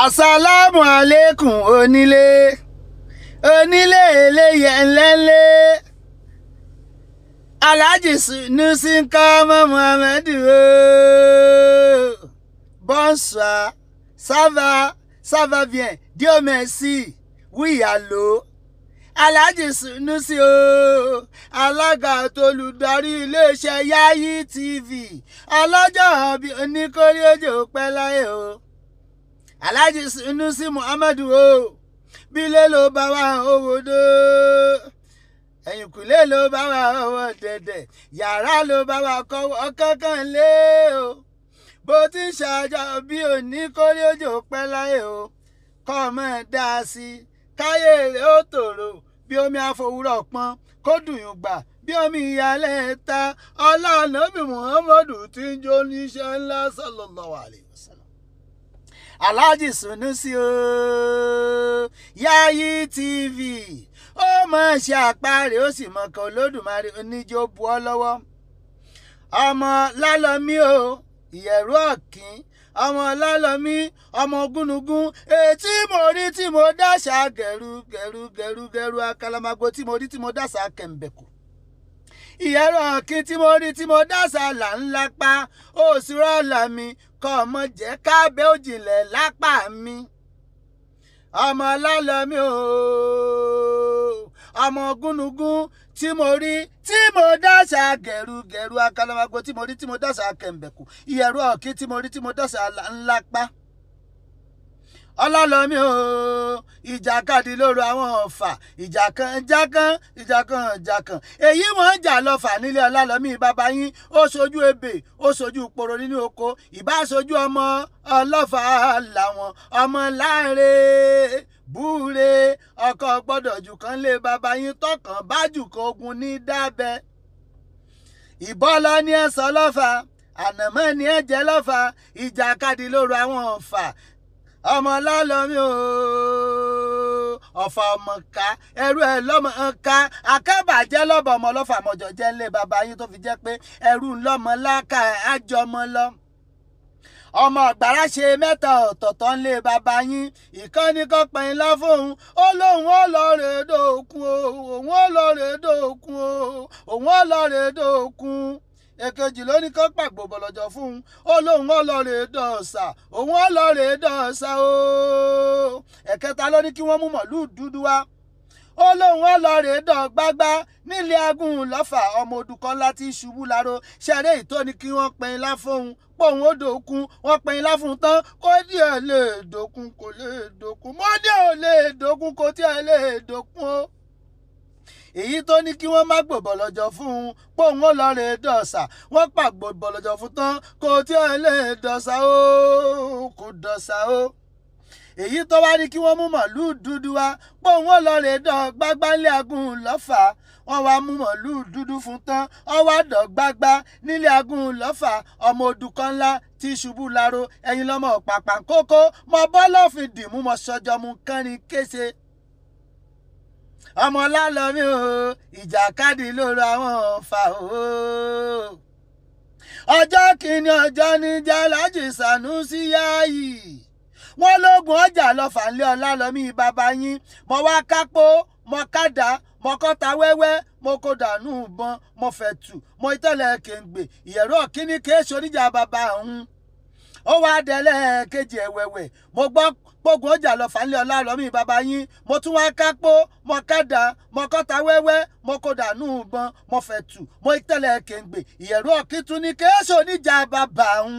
asalaamu aleykum onílé onílé eléyẹ ńlẹ́ńlẹ́ alhaji sunusi nkọ́mọ muhammadu ooo bonsoir ça va ça va bien Dio merci oui allô alhaji nusin ooo alága àtolùdarí iléeṣẹ́ Yayi TV ọlọ́jọ́ ọ̀bí oníkórè òjò pẹ́ láyé o aláàjì Sunusi Muhammadu o bílé ló bá wà owó dó ẹ̀yìnkùlé lo bá wà owó dẹ̀dẹ̀ yàrá ló bá wà kọ́wọ́ kankan lé o bó ti ń ṣàjọ bí òní kórè òjò pẹ́ láyé o kọ́ ọmọ ẹ̀ dá a sí káyé rẹ̀ ó tòrò bí omi àfòwúrọ̀ pọ́n kó dùn gbà bí omi ìyàlẹ̀ ta ọlọ́ọ̀nà bí Muhammadu ti ń jó níṣẹ́ ńlá sallallahu alaihi wasallam aláàjì Sunusi o Yayi TV ó mọ̀ ṣe àparè ó sì mọ̀kàn olódùmarè oníjó bu ọ́ lọ́wọ́ ọmọ lálọ́mí o ìyẹ̀rú ọ̀kín ọmọ lálọ́mí ọmọ gúnugún etí mo rí tí mo dáṣà gẹ̀rú gẹ̀rú akalamago tí mo rí tí mo dáṣà kẹ̀m̀bẹ̀kù ìyẹ́rọ̀ kí tí mo rí tí mo dásà là ń lápá òsì rọ́ọ̀là mi kọ́ ọmọ jẹ́ kábẹ́ òjìnlẹ̀ lápá mi ọmọ ọlọ́lọ́mí o ọmọ gúnugún tí mo rí tí mo dásà gẹ̀rùgẹ̀rù akalamago tí mo rí tí mo dásà kẹ̀m̀bẹ̀kù ìyẹ̀rù ọ̀kí tí mo rí tí mo dásà ńlápá. La, ọlọ́lọ́mí o ìjàkadì lóru àwọn ọ̀fà ìjà kan já kan ìjà kan já kan èyí wọ́n ń jà lọ́fà nílé ọlọ́lọ́mí bàbá yín ó ṣojú ebè ó ṣojú poro nínú oko ìbá ṣojú ọmọ ọlọ́fà làwọn ọmọ láre búre ọkọ gbọ́dọ̀ jù kan lé bàbá yín tọkàn bá jù kan ogun ní dábẹ́ ìbọ́lọ́ ni ẹ sọ lọ́fà ànàmọ́ ni ẹ jẹ́ lọ́fà ìjàkadì lóru àwọn ọ̀fà ọmọ lálọ́mí o ọ̀fà ọmọ ká ẹrú ẹ lọ́mọ ká akábàjẹ́ lọ́bọ̀ ọmọ lọ́fà àmọ́jọ jẹ́ ńlẹ̀ bàbá yín tó fi jẹ́ pé ẹrú ńlọ́mọ láka àjọmọ lọ ọmọ ọ̀gbàrá ṣe mẹ́ta ọ̀tọ̀ọ̀tọ̀ ńlẹ̀ bàbá yín ìkànnì kan pẹ̀yìn lọ fóun ó lóun ó lọ rèé dòkun òun ó lọ rèé dòkun òun ó lọ rèé dòkun èkejì ló ní kán pàgbò bọ̀lọ̀jọ̀ fún un ó lóun ó lọ rèé dọ̀ọ̀sà òun ó lọ rèé dọ̀ọ̀sà o ẹ̀kẹta ló ní kí wọ́n mú mọ̀lú dúdú wá ó lóun ó lọ rèé dàn gbágbá nílé agùn lọ́fà ọmọ odùkọ́lá tí ṣubú laro ṣeré ìtọ́ni kí wọ́n pin ilá fóun pòun ó dòkun wọ́n pin ilá tán kó díẹ̀ lè dòkun kò lè dòkun mọ́dé ò lè dòkun kò tiẹ̀ lè dòkun o èyí tó ní kí wọ́n má gbòbọ̀ lọ́jọ́ fún un póun ó lọ rèé dọ̀sà wọ́n pàgbòbọ̀ lọ́jọ́ fún tán kò tí ò lè dọ̀sà ó kò dọ̀sà ó èyí tó wá ní kí wọ́n mú màálù dúdú wá póun ó lọ rèé dọ̀ gbágbálẹ̀ agùn lọ́fà wọ́n wá mú màálù dúdú fún tán ọwọ́ àdọ̀ gbágbá nílé agùn lọ́fà ọmọ odùkọ ńlá ti ṣubú laro ẹ̀yìn lọ́mọ pàpà kókó mọ bọ́lọ́fin dìmú mọ sọjọ́ mu kánrin kése ọmọ lálọ́mí o ìjàkadì lóru àwọn ọ̀fà o. ọjọ́ kìíní ọjọ́ ní jálàjì Sànúsí Yáàyì wọ́n lóògùn ọjà lọ́fà ńlẹ́ ọlálọ́mí bàbá yín mọ̀ wá kápó mọ̀ kádà mọ̀ kọ́ta wẹ́wẹ́ mo kó dànù ìbọn mo fẹ̀ tù mo ìtẹ̀lẹ̀ kèǹgbè ìyẹ̀rọ kíní kéé soníjà bàbá ọ̀hún ó wá dẹ́lẹ̀ kejì ẹ̀wẹ̀wẹ̀ mo gbọ́ gbogbo ọjà lọ fàálẹ̀ ọlárọ̀mí bàbá yín mo tún wá kápó mo kádà mo kọ́ta wẹ́wẹ́ mo kó dànù ìbọn mo fẹ̀ tù mo tẹ̀lẹ̀ kéǹgbè ìyẹ̀rú ọ̀kìtún ní kéésù oníjà bàbá ń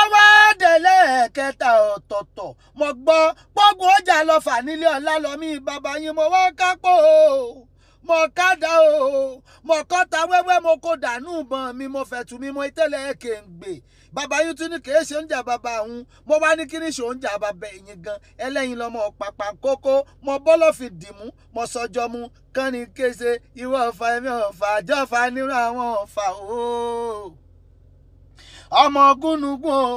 ọwọ́ àdẹ̀lẹ̀ kẹta ọ̀tọ̀ọ̀tọ̀ mo gbọ́ gbogbo ọjà lọ fà ọlá lọ bàbá yín mo wá kápó mo kádà o mo kọ́ta wẹ́wẹ́ mo kó dànù ìbọn mi mo fẹ̀tù mi mo ìtẹ́lẹ̀ kèǹgbè bàbá yín tún ní kèé ṣe oúnjẹ bàbá òun mo wá ní kíní ṣe oúnjẹ bàbá ẹ̀yìn gan ẹlẹ́yin lọ́mọ pàpà kókó mo bọ́lọ̀ fi dìmú mo sọjọ́ mu kánni kése ìwọ ọ̀fà ẹ̀mí ọ̀fà àjọfà nírú àwọn ọ̀fà o ọmọ gúnugún o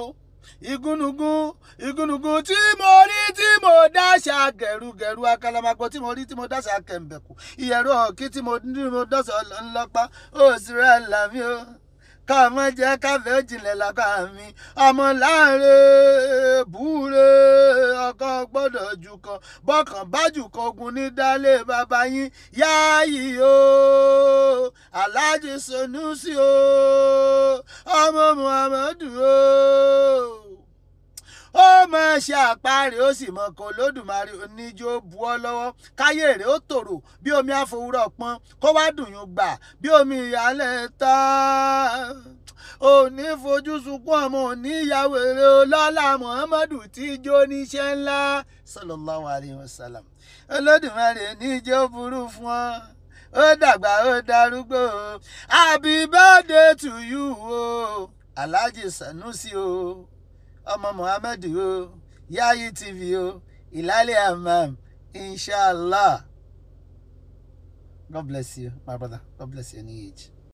igúnnugún igúnnugún tí mo rí tí mo dáṣà gẹ̀rúgẹ̀rú akálamagbọ̀ tí mo rí tí mo dáṣà kẹ̀m̀bẹ̀kù ìyẹ̀rọ ọ̀kí tí mo ní mo dọ́sà ọlọ́pàá ó sì rẹ̀ làmí o kàmọ́ jẹ́ káfẹ́ òjìnlẹ̀ lápá mi ọmọ láàrin búre ọkọ gbọ́dọ̀ jù kan bọ́kàn bá jù ní dálé bàbá yín yáàyè o aláàjì Sànúsì o ọmọ Muhammadu o ṣe àpáàrẹ̀ ó sì mọ̀ kan lódùmarè oníjó bu lọ́wọ́ káyé rẹ̀ ó tòrò bí omi àfòwúrọ̀ pọn kó wá dùnyún gbà bí omi ìyálẹ̀ ta ò ní fojú sunkún ọmọ òní ìyàwó èrè ọlọ́lá muhammadu tí jó níṣẹ́ ńlá sallallahu alayhi wa sallam olódùmarè níjó burú fún ọ ó dàgbà ó darúgbó happy birthday to o alhaji sanusi o ọmọ muhammadu o. Yayi TV o Ìlàlẹ̀ Hammam inshallah God bless you my brother God bless you any age.